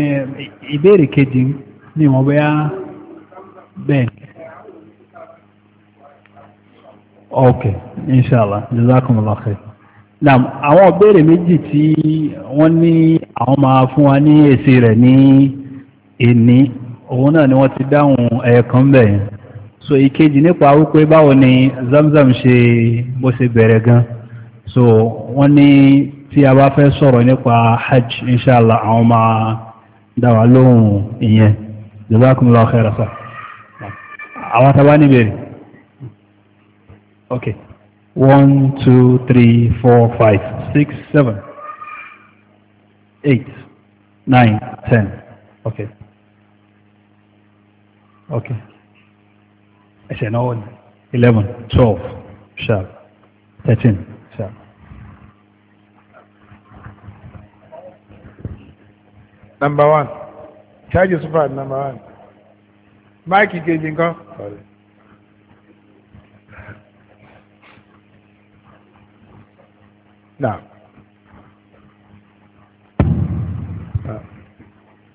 Eh, ìbéèrè kejì ni wọ́n bẹ́ bẹ́ẹ̀. Ok, inshallah, jazakumullah khair. Now, àwọn ìbéèrè méjì tí wọ́n ní àwọn máa fún wa ní èsì rẹ̀ ní èní, òun náà ni wọ́n ti dáhùn ẹ̀ẹ̀kan bẹ̀yìn. So, ìkejì nípa wípé báwo ni Zamzam ṣe bó ṣe bẹ̀rẹ̀ gan. So, wọ́n ní tí a bá fẹ́ sọ̀rọ̀ nípa hajj, inshallah, àwọn máa dáwà lóhun ìyẹn jazakumullahu khairan sá àwọn tàbá ní bèèrè ok one two three four five six seven eight nine ten ok ok ẹsẹ̀ náà wọ́n eleven twelve sharp thirteen sharp. number one ṣáàjì super number one Mike, máìkì kejì nǹkan. Now.